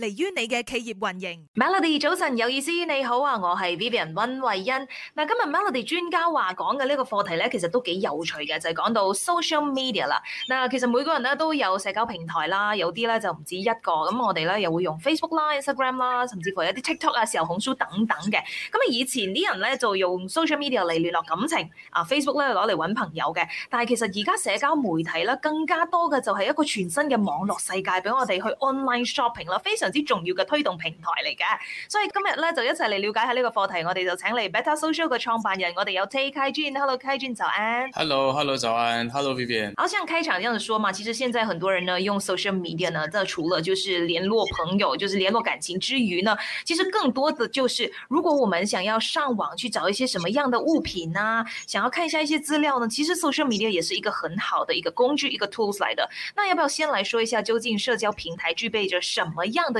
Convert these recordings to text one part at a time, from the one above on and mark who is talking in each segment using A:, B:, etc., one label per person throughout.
A: 嚟於你嘅企業運營。Melody 早晨有意思，你好啊，我係 Vivian 溫慧欣。嗱，今日 Melody 專家話講嘅呢個課題咧，其實都幾有趣嘅，就係、是、講到 social media 啦。嗱，其實每個人咧都有社交平台啦，有啲咧就唔止一個。咁我哋咧又會用 Facebook 啦、Instagram 啦，甚至乎有啲 TikTok 啊、小紅書等等嘅。咁啊，以前啲人咧就用 social media 嚟聯絡感情，啊 Facebook 咧攞嚟揾朋友嘅。但係其實而家社交媒體咧更加多嘅就係一個全新嘅網絡世界俾我哋去 online shopping 啦，非常，最重要嘅推動平台嚟㗎，所以今日咧就一齊嚟了解下呢個課題。我哋就請嚟 Beta Social 嘅創辦人，我哋有 Take 愷仁，Hello 愷仁，早安
B: ，Hello Hello 早安，Hello Vivian。好，
A: 像開場咁樣子說嘛，其實現在很多人呢用 social media 呢，但除了就是聯絡朋友，就是聯絡感情之餘呢，其實更多的就是如果我們想要上網去找一些什麼樣的物品呢，啊，想要看一下一些資料呢，其實 social media 也是一個很好的一個工具，一個 tools 嚟的。那要不要先來說一下，究竟社交平台具備着什麼樣的？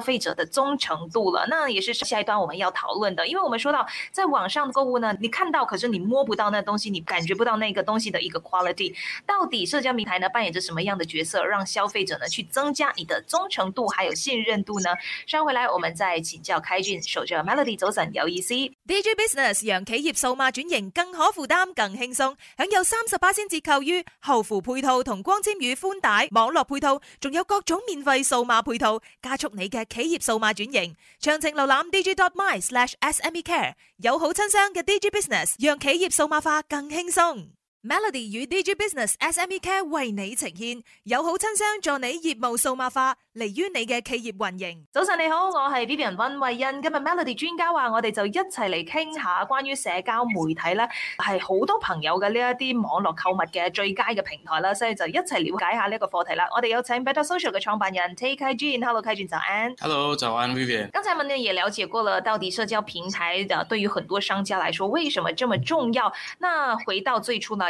A: 消費者的忠誠度了，那也是下一段我們要討論的。因為我們說到在網上購物呢，你看到可是你摸不到那東西，你感覺不到那個東西的一個 quality。到底社交平台呢，扮演着什麼樣的角色，讓消費者呢去增加你的忠誠度，還有信任度呢？上回來，我們再請教愷仁，i j 守將 Melody 走晨，有意思 DJ Business，讓企業數碼轉型更可負擔、更輕鬆，享有三十八先折扣於後付配套同光纖與寬帶網絡配套，仲有各種免費數碼配套，加速你嘅。企業數碼轉型，詳情瀏覽 digi.my/smecare，友好親商嘅 Digi Business，讓企業數碼化更輕鬆。Melody 與 DG Business SME Care 為你呈現，友好親商助你業務數碼化，利於你嘅企業運營。早晨你好，我係 Vivian 溫慧欣。今日 Melody 專家話，我哋就一齊嚟傾下關於社交媒體啦，係好多朋友嘅呢一啲網絡購物嘅最佳嘅平台啦，所以就一齊了解下呢個課題啦。我哋有請 Beta Social 嘅創辦人 Takei Jean，Hello Kai Jan，早安。
B: Hello，早安 Vivian。
A: 剛才問嘅嘢了解過啦，到底社交平台嘅對於很多商家嚟說，為什麼這麼重要？那回到最初啦。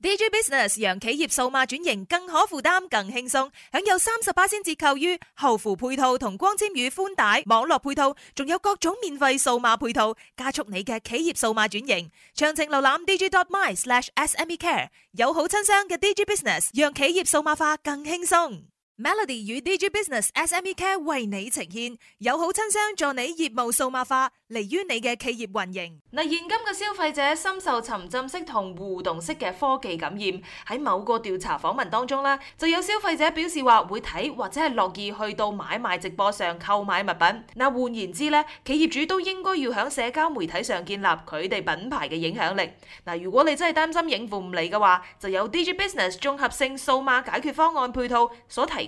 A: D J Business 讓企業數碼轉型更可負擔、更輕鬆，享有三十八巴仙折扣於後付配套同光纖與寬帶網絡配套，仲有各種免費數碼配套，加速你嘅企業數碼轉型。詳情瀏覽 D J dot my slash S M E Care，有好親商嘅 D J Business 讓企業數碼化更輕鬆。Melody 與 Digi Business SME Care 為你呈現，有好親商助你業務數碼化，利於你嘅企業運營。嗱，現今嘅消費者深受沉浸式同互動式嘅科技感染，喺某個調查訪問當中就有消費者表示話會睇或者係樂意去到買賣直播上購買物品。嗱，換言之，企業主都應該要響社交媒體上建立佢哋品牌嘅影響力。嗱，如果你真係擔心應付唔嚟嘅話，就有 Digi Business 綜合性數碼解決方案配套所提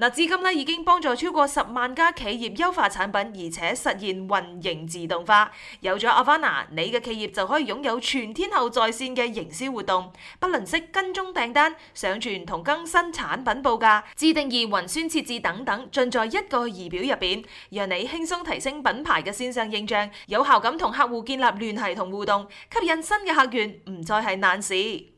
A: 嗱，至今咧已經幫助超過十萬家企業優化產品，而且實現運營自動化。有咗 Avana，你嘅企業就可以擁有全天候在線嘅營銷活動，不論係跟蹤訂單、上傳同更新產品報價、自定義雲端設置等等，盡在一個儀表入面，讓你輕鬆提升品牌嘅線上形象，有效咁同客戶建立聯繫同互動，吸引新嘅客源唔再係難事。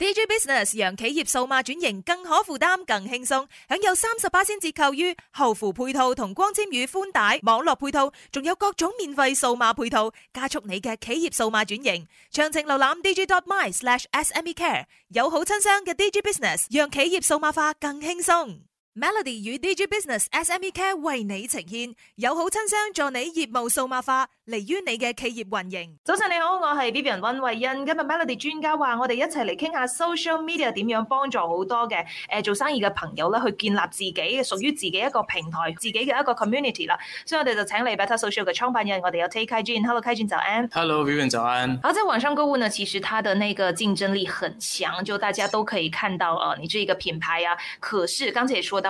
A: D J Business 讓企業數碼轉型更可負擔、更輕鬆，享有三十八千折扣於後附配套同光纖與寬帶網絡配套，仲有各種免費數碼配套，加速你嘅企業數碼轉型。詳情瀏覽 D J dot my slash S M E Care，有好親商嘅 D J Business 讓企業數碼化更輕鬆。Melody 與 DG Business SME Care 為你呈現。友好親商，助你業務數碼化，嚟於你嘅企業運營。早晨你好，我係 Vivian 温慧欣。今日 Melody 專家話，我哋一齊嚟傾下 social media 點樣幫助好多嘅誒做生意嘅朋友咧，去建立自己嘅屬於自己一個平台，自己嘅一個 community 啦。所以我哋就請嚟 Beta Social 嘅創辦人，我哋有 Take Kai Yan，Hello Kai Yan 就安。
B: Hello Vivian 早安。
A: 好，即係網上購物啊，其實佢嘅那個競爭力很強，就大家都可以看到啊，你這一個品牌啊。可是剛才也講到。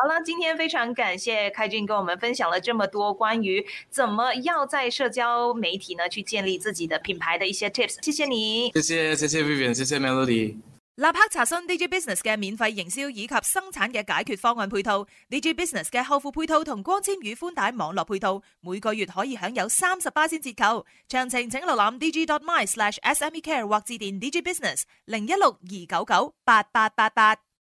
A: 好啦，今天非常感謝愷仁跟我們分享了這麼多關於怎麼要在社交媒體呢去建立自己的品牌的一些 tips，謝謝你，
B: 謝謝，謝謝 Vivian，謝謝 Melody。
A: 立刻查詢 Digi Business 嘅免費營銷以及生產嘅解決方案配套，Digi Business 嘅後付配套同光纖與寬帶網絡配套，每個月可以享有三十八巴仙折扣。詳情請瀏覽 digi.my/sme-care 或致電 Digi Business 零一六二九九八八八八。